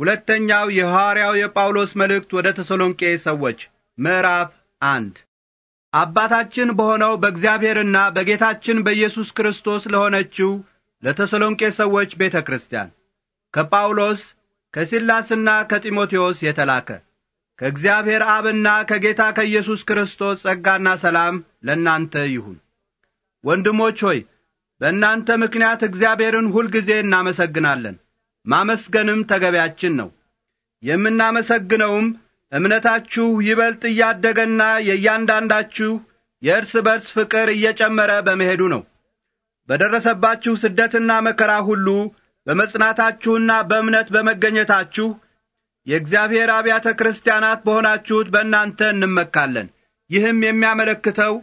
ሁለተኛው የሐዋርያው የጳውሎስ መልእክት ወደ ተሰሎንቄ ሰዎች ምዕራፍ አንድ አባታችን በሆነው በእግዚአብሔርና በጌታችን በኢየሱስ ክርስቶስ ለሆነችው ለተሰሎንቄ ሰዎች ቤተ ክርስቲያን ከጳውሎስ ከሲላስና ከጢሞቴዎስ የተላከ ከእግዚአብሔር አብና ከጌታ ከኢየሱስ ክርስቶስ ጸጋና ሰላም ለእናንተ ይሁን። ወንድሞች ሆይ በእናንተ ምክንያት እግዚአብሔርን ሁልጊዜ እናመሰግናለን ማመስገንም ተገቢያችን ነው። የምናመሰግነውም እምነታችሁ ይበልጥ እያደገና የእያንዳንዳችሁ የእርስ በርስ ፍቅር እየጨመረ በመሄዱ ነው። በደረሰባችሁ ስደትና መከራ ሁሉ በመጽናታችሁና በእምነት በመገኘታችሁ የእግዚአብሔር አብያተ ክርስቲያናት በሆናችሁት በእናንተ እንመካለን። ይህም የሚያመለክተው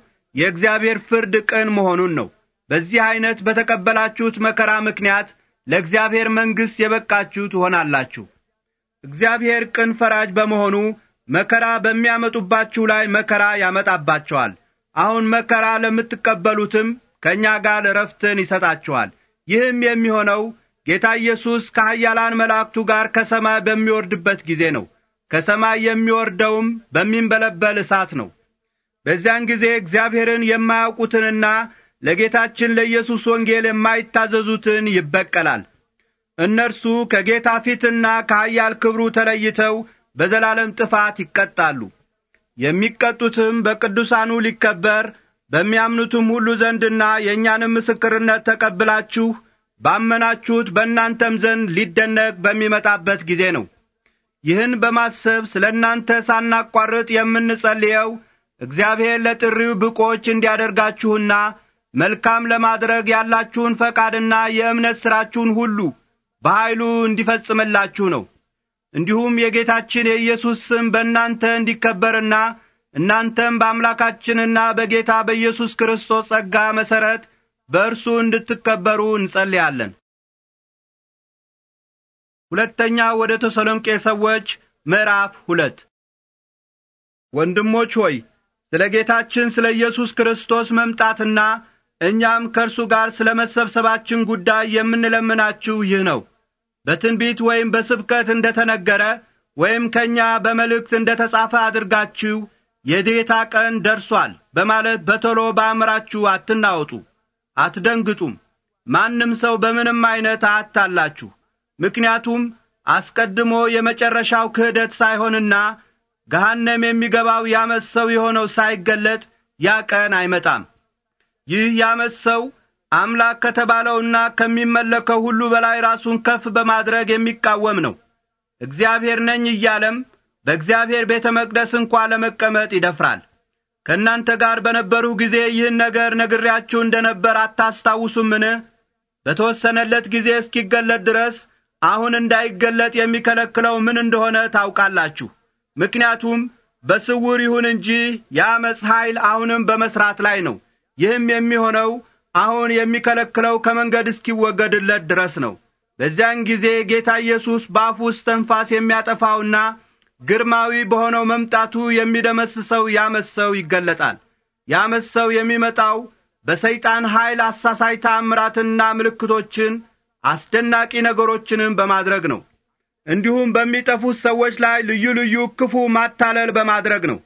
የእግዚአብሔር ፍርድ ቅን መሆኑን ነው። በዚህ ዐይነት በተቀበላችሁት መከራ ምክንያት ለእግዚአብሔር መንግሥት የበቃችሁ ትሆናላችሁ። እግዚአብሔር ቅን ፈራጅ በመሆኑ መከራ በሚያመጡባችሁ ላይ መከራ ያመጣባቸዋል። አሁን መከራ ለምትቀበሉትም ከእኛ ጋር ረፍትን ይሰጣችኋል። ይህም የሚሆነው ጌታ ኢየሱስ ከኃያላን መላእክቱ ጋር ከሰማይ በሚወርድበት ጊዜ ነው። ከሰማይ የሚወርደውም በሚንበለበል እሳት ነው። በዚያን ጊዜ እግዚአብሔርን የማያውቁትንና ለጌታችን ለኢየሱስ ወንጌል የማይታዘዙትን ይበቀላል። እነርሱ ከጌታ ፊትና ከኃያል ክብሩ ተለይተው በዘላለም ጥፋት ይቀጣሉ። የሚቀጡትም በቅዱሳኑ ሊከበር በሚያምኑትም ሁሉ ዘንድና የእኛንም ምስክርነት ተቀብላችሁ ባመናችሁት በእናንተም ዘንድ ሊደነቅ በሚመጣበት ጊዜ ነው። ይህን በማሰብ ስለ እናንተ ሳናቋርጥ የምንጸልየው እግዚአብሔር ለጥሪው ብቆች እንዲያደርጋችሁና መልካም ለማድረግ ያላችሁን ፈቃድና የእምነት ሥራችሁን ሁሉ በኀይሉ እንዲፈጽምላችሁ ነው። እንዲሁም የጌታችን የኢየሱስ ስም በእናንተ እንዲከበርና እናንተም በአምላካችንና በጌታ በኢየሱስ ክርስቶስ ጸጋ መሠረት በእርሱ እንድትከበሩ እንጸልያለን። ሁለተኛ ወደ ተሰሎንቄ ሰዎች ምዕራፍ ሁለት ወንድሞች ሆይ ስለ ጌታችን ስለ ኢየሱስ ክርስቶስ መምጣትና እኛም ከእርሱ ጋር ስለ መሰብሰባችን ጉዳይ የምንለምናችሁ ይህ ነው። በትንቢት ወይም በስብከት እንደ ተነገረ ወይም ከእኛ በመልእክት እንደ ተጻፈ አድርጋችሁ የዴታ ቀን ደርሷል በማለት በቶሎ በአእምራችሁ አትናወጡ፣ አትደንግጡም። ማንም ሰው በምንም ዐይነት አታላችሁ። ምክንያቱም አስቀድሞ የመጨረሻው ክህደት ሳይሆንና ገሃነም የሚገባው ያመፅ ሰው የሆነው ሳይገለጥ ያ ቀን አይመጣም። ይህ ያመፅ ሰው አምላክ ከተባለውና ከሚመለከው ሁሉ በላይ ራሱን ከፍ በማድረግ የሚቃወም ነው። እግዚአብሔር ነኝ እያለም በእግዚአብሔር ቤተ መቅደስ እንኳ ለመቀመጥ ይደፍራል። ከእናንተ ጋር በነበሩ ጊዜ ይህን ነገር ነግሬያችሁ እንደ ነበር አታስታውሱምን? በተወሰነለት ጊዜ እስኪገለጥ ድረስ አሁን እንዳይገለጥ የሚከለክለው ምን እንደሆነ ታውቃላችሁ። ምክንያቱም በስውር ይሁን እንጂ የአመፅ ኃይል አሁንም በመሥራት ላይ ነው። ይህም የሚሆነው አሁን የሚከለክለው ከመንገድ እስኪወገድለት ድረስ ነው። በዚያን ጊዜ ጌታ ኢየሱስ በአፉ ውስጥ ተንፋስ የሚያጠፋውና ግርማዊ በሆነው መምጣቱ የሚደመስሰው ያመሰው ይገለጣል። ያመሰው የሚመጣው በሰይጣን ኀይል አሳሳይ ተአምራትና ምልክቶችን አስደናቂ ነገሮችንም በማድረግ ነው። እንዲሁም በሚጠፉት ሰዎች ላይ ልዩ ልዩ ክፉ ማታለል በማድረግ ነው።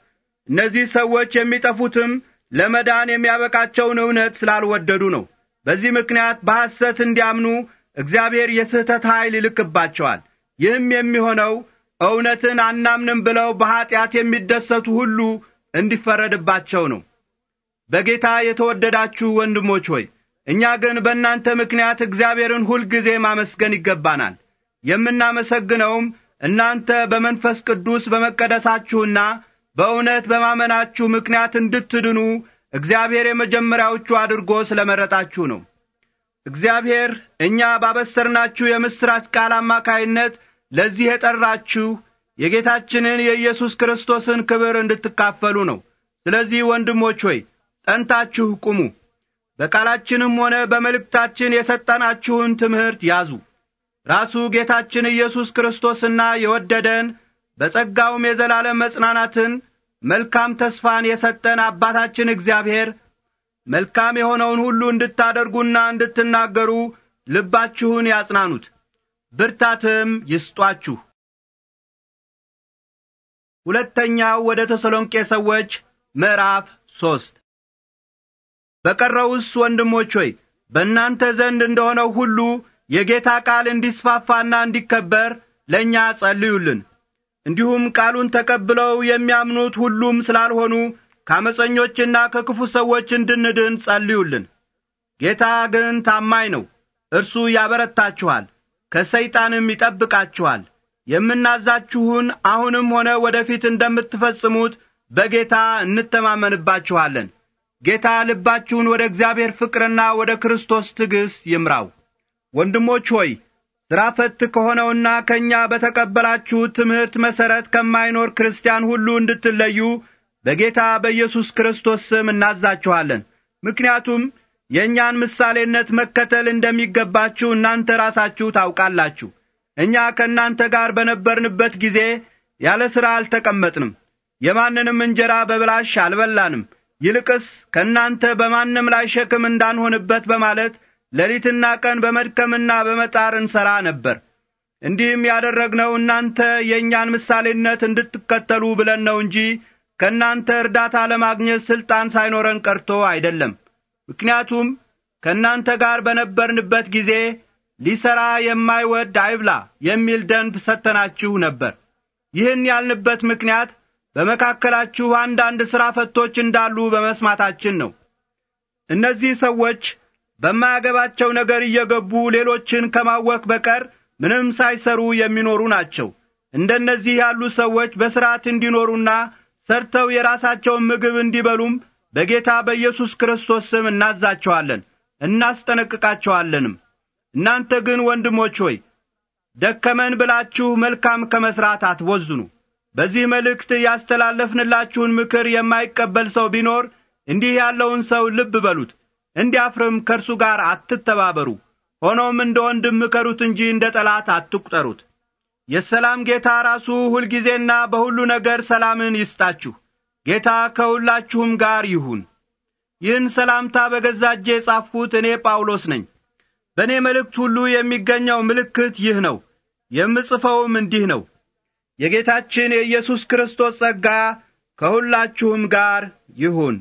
እነዚህ ሰዎች የሚጠፉትም ለመዳን የሚያበቃቸውን እውነት ስላልወደዱ ነው። በዚህ ምክንያት በሐሰት እንዲያምኑ እግዚአብሔር የስህተት ኃይል ይልክባቸዋል። ይህም የሚሆነው እውነትን አናምንም ብለው በኀጢአት የሚደሰቱ ሁሉ እንዲፈረድባቸው ነው። በጌታ የተወደዳችሁ ወንድሞች ሆይ እኛ ግን በእናንተ ምክንያት እግዚአብሔርን ሁልጊዜ ማመስገን ይገባናል። የምናመሰግነውም እናንተ በመንፈስ ቅዱስ በመቀደሳችሁና በእውነት በማመናችሁ ምክንያት እንድትድኑ እግዚአብሔር የመጀመሪያዎቹ አድርጎ ስለ መረጣችሁ ነው። እግዚአብሔር እኛ ባበሰርናችሁ የምሥራች ቃል አማካይነት ለዚህ የጠራችሁ የጌታችንን የኢየሱስ ክርስቶስን ክብር እንድትካፈሉ ነው። ስለዚህ ወንድሞች ሆይ ጸንታችሁ ቁሙ። በቃላችንም ሆነ በመልእክታችን የሰጠናችሁን ትምህርት ያዙ። ራሱ ጌታችን ኢየሱስ ክርስቶስና የወደደን በጸጋውም የዘላለም መጽናናትን መልካም ተስፋን የሰጠን አባታችን እግዚአብሔር መልካም የሆነውን ሁሉ እንድታደርጉና እንድትናገሩ ልባችሁን ያጽናኑት፣ ብርታትም ይስጧችሁ። ሁለተኛው ወደ ተሰሎንቄ ሰዎች ምዕራፍ ሦስት በቀረውስ ወንድሞች ሆይ በእናንተ ዘንድ እንደሆነው ሁሉ የጌታ ቃል እንዲስፋፋና እንዲከበር ለእኛ ጸልዩልን። እንዲሁም ቃሉን ተቀብለው የሚያምኑት ሁሉም ስላልሆኑ ከአመፀኞችና ከክፉ ሰዎች እንድንድን ጸልዩልን። ጌታ ግን ታማኝ ነው። እርሱ ያበረታችኋል፣ ከሰይጣንም ይጠብቃችኋል። የምናዛችሁን አሁንም ሆነ ወደፊት እንደምትፈጽሙት በጌታ እንተማመንባችኋለን። ጌታ ልባችሁን ወደ እግዚአብሔር ፍቅርና ወደ ክርስቶስ ትዕግሥት ይምራው። ወንድሞች ሆይ ሥራ ፈት ከሆነውና ከእኛ በተቀበላችሁ ትምህርት መሠረት ከማይኖር ክርስቲያን ሁሉ እንድትለዩ በጌታ በኢየሱስ ክርስቶስ ስም እናዛችኋለን። ምክንያቱም የእኛን ምሳሌነት መከተል እንደሚገባችሁ እናንተ ራሳችሁ ታውቃላችሁ። እኛ ከእናንተ ጋር በነበርንበት ጊዜ ያለ ሥራ አልተቀመጥንም፣ የማንንም እንጀራ በብላሽ አልበላንም። ይልቅስ ከእናንተ በማንም ላይ ሸክም እንዳንሆንበት በማለት ሌሊትና ቀን በመድከምና በመጣር እንሠራ ነበር። እንዲህም ያደረግነው እናንተ የእኛን ምሳሌነት እንድትከተሉ ብለን ነው እንጂ ከእናንተ እርዳታ ለማግኘት ሥልጣን ሳይኖረን ቀርቶ አይደለም። ምክንያቱም ከእናንተ ጋር በነበርንበት ጊዜ ሊሠራ የማይወድ አይብላ የሚል ደንብ ሰጥተናችሁ ነበር። ይህን ያልንበት ምክንያት በመካከላችሁ አንዳንድ ሥራ ፈቶች እንዳሉ በመስማታችን ነው። እነዚህ ሰዎች በማያገባቸው ነገር እየገቡ ሌሎችን ከማወክ በቀር ምንም ሳይሰሩ የሚኖሩ ናቸው። እንደነዚህ ያሉ ሰዎች በሥርዓት እንዲኖሩና ሰርተው የራሳቸውን ምግብ እንዲበሉም በጌታ በኢየሱስ ክርስቶስ ስም እናዛቸዋለን፣ እናስጠነቅቃቸዋለንም። እናንተ ግን ወንድሞች ሆይ ደከመን ብላችሁ መልካም ከመሥራት አትቦዝኑ። በዚህ መልእክት ያስተላለፍንላችሁን ምክር የማይቀበል ሰው ቢኖር እንዲህ ያለውን ሰው ልብ በሉት። እንዲያፍርም ከእርሱ ጋር አትተባበሩ ሆኖም እንደ ወንድም ምከሩት እንጂ እንደ ጠላት አትቁጠሩት የሰላም ጌታ ራሱ ሁልጊዜና በሁሉ ነገር ሰላምን ይስጣችሁ ጌታ ከሁላችሁም ጋር ይሁን ይህን ሰላምታ በገዛ እጄ የጻፍሁት እኔ ጳውሎስ ነኝ በእኔ መልእክት ሁሉ የሚገኘው ምልክት ይህ ነው የምጽፈውም እንዲህ ነው የጌታችን የኢየሱስ ክርስቶስ ጸጋ ከሁላችሁም ጋር ይሁን